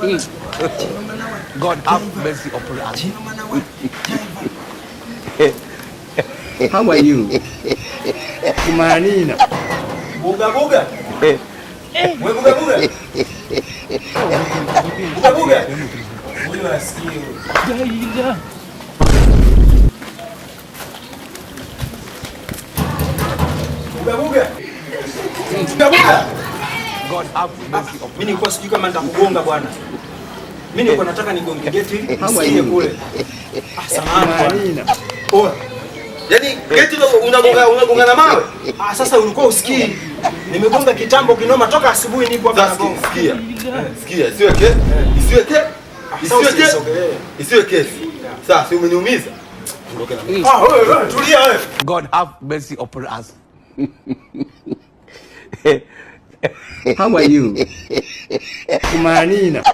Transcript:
Mm. God have mercy upon us. How are you? Kumanina. Buga buga. Eh. Wewe eh. buga buga. Buga buga. Wewe unasikia. Jaila. Buga buga. Buga buga. God have mercy ah, upon. Mimi nilikuwa sijui kama nitakugonga bwana. Mimi nilikuwa eh. nataka nigonge eh. geti ili nisije kule. Ah, samahani bwana. Oh. Yaani eh. geti unagonga unagonga na mawe? Ah, sasa ulikuwa usikii. Nimegonga kitambo kinoma toka asubuhi nipo hapa na gonga. Sikia. Sikia, isiwe kesi. Isiwe kesi. Ah, isiwe kesi. Isiwe kesi. Sasa umeniumiza. Ah, God have mercy upon us. How are you? Kumanina.